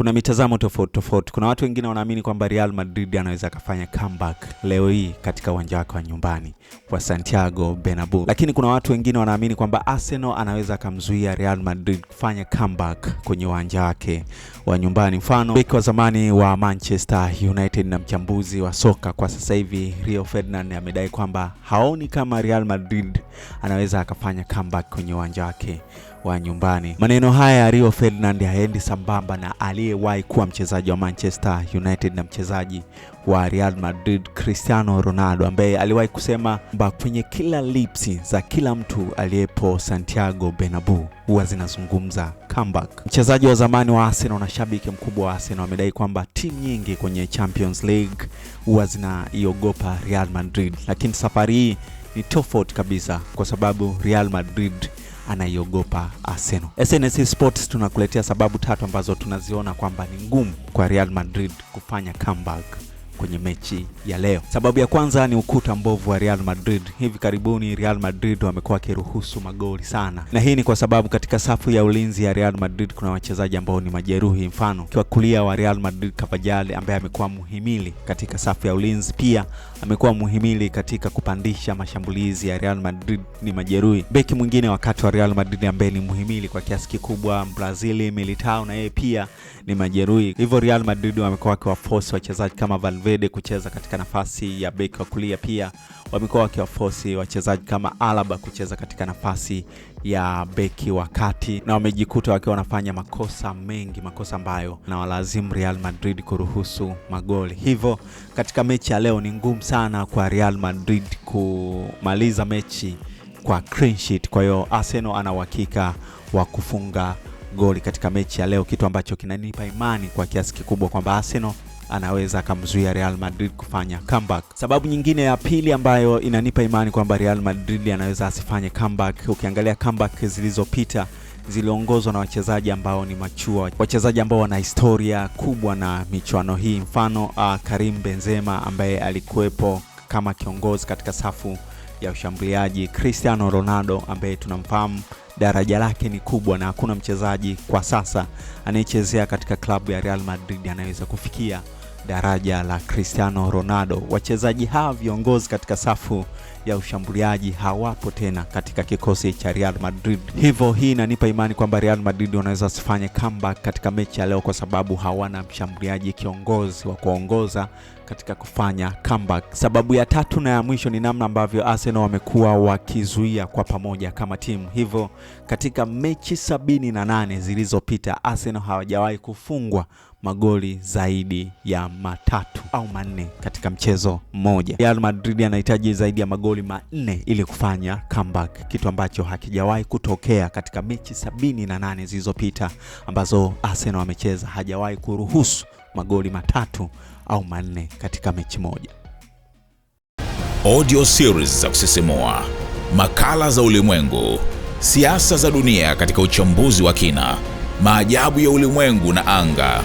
kuna mitazamo tofauti tofauti. Kuna watu wengine wanaamini kwamba Real Madrid anaweza akafanya comeback leo hii katika uwanja wake wa nyumbani wa Santiago Bernabeu, lakini kuna watu wengine wanaamini kwamba Arsenal anaweza akamzuia Real Madrid kufanya comeback kwenye uwanja wake wa nyumbani. Mfano, beki wa zamani wa Manchester United na mchambuzi wa soka kwa sasa hivi Rio Ferdinand amedai kwamba haoni kama Real Madrid anaweza akafanya comeback kwenye uwanja wake wa nyumbani. Maneno haya ya Rio Ferdinand yaendi sambamba na aliyewahi kuwa mchezaji wa Manchester United na mchezaji wa Real Madrid Cristiano Ronaldo, ambaye aliwahi kusema kwamba kwenye kila lipsi za kila mtu aliyepo Santiago Bernabeu huwa zinazungumza comeback. Mchezaji wa zamani wa Arsenal na shabiki mkubwa wa Arsenal amedai kwamba timu nyingi kwenye Champions League huwa zinaiogopa Real Madrid, lakini safari hii ni tofauti kabisa, kwa sababu Real Madrid anaiogopa Arsenal. SNS Sports tunakuletea sababu tatu ambazo tunaziona kwamba ni ngumu kwa Real Madrid kufanya comeback kwenye mechi ya leo. Sababu ya kwanza ni ukuta mbovu wa Real Madrid. Hivi karibuni Real Madrid wamekuwa wakiruhusu magoli sana, na hii ni kwa sababu katika safu ya ulinzi ya Real Madrid kuna wachezaji ambao ni majeruhi. Mfano kiwa kulia wa Real Madrid Cavajal, ambaye amekuwa muhimili katika safu ya ulinzi, pia amekuwa muhimili katika kupandisha mashambulizi ya Real Madrid, ni majeruhi. Beki mwingine wakati wa Real Madrid ambaye ni muhimili kwa kiasi kikubwa Brazili Militao, na yeye pia ni majeruhi. Hivyo Real Madrid wamekuwa wakiwaforce wachezaji kama Valverde Valverde kucheza katika nafasi ya beki wa kulia. Pia wamekuwa wakiwafosi wachezaji kama Alaba kucheza katika nafasi ya beki wa kati, na wamejikuta wakiwa wanafanya makosa mengi, makosa ambayo na walazimu Real Madrid kuruhusu magoli. Hivyo katika mechi ya leo ni ngumu sana kwa Real Madrid kumaliza mechi kwa clean sheet. Kwa hiyo Arsenal ana uhakika wa kufunga goli katika mechi ya leo, kitu ambacho kinanipa imani kwa kiasi kikubwa kwamba Arsenal anaweza akamzuia Real Madrid kufanya comeback. Sababu nyingine ya pili ambayo inanipa imani kwamba Real Madrid anaweza asifanye comeback, ukiangalia comeback zilizopita ziliongozwa na wachezaji ambao ni machua, wachezaji ambao wana historia kubwa na michuano hii, mfano uh, Karim Benzema ambaye alikuwepo kama kiongozi katika safu ya ushambuliaji, Cristiano Ronaldo ambaye tunamfahamu daraja lake ni kubwa na hakuna mchezaji kwa sasa anayechezea katika klabu ya Real Madrid anayeweza kufikia daraja la Cristiano Ronaldo. Wachezaji hawa viongozi katika safu ya ushambuliaji hawapo tena katika kikosi cha Real Madrid, hivyo hii inanipa imani kwamba Real Madrid wanaweza wasifanye comeback katika mechi ya leo, kwa sababu hawana mshambuliaji kiongozi wa kuongoza katika kufanya comeback. Sababu ya tatu na ya mwisho ni namna ambavyo Arsenal wamekuwa wakizuia kwa pamoja kama timu, hivyo katika mechi sabini na nane zilizopita Arsenal hawajawahi kufungwa magoli zaidi ya matatu au manne katika mchezo mmoja. Real Madrid anahitaji zaidi ya magoli manne ili kufanya comeback, kitu ambacho hakijawahi kutokea katika mechi sabini na nane zilizopita ambazo Arsenal amecheza. Hajawahi kuruhusu magoli matatu au manne katika mechi moja. Audio series za kusisimua, makala za ulimwengu, siasa za dunia katika uchambuzi wa kina, maajabu ya ulimwengu na anga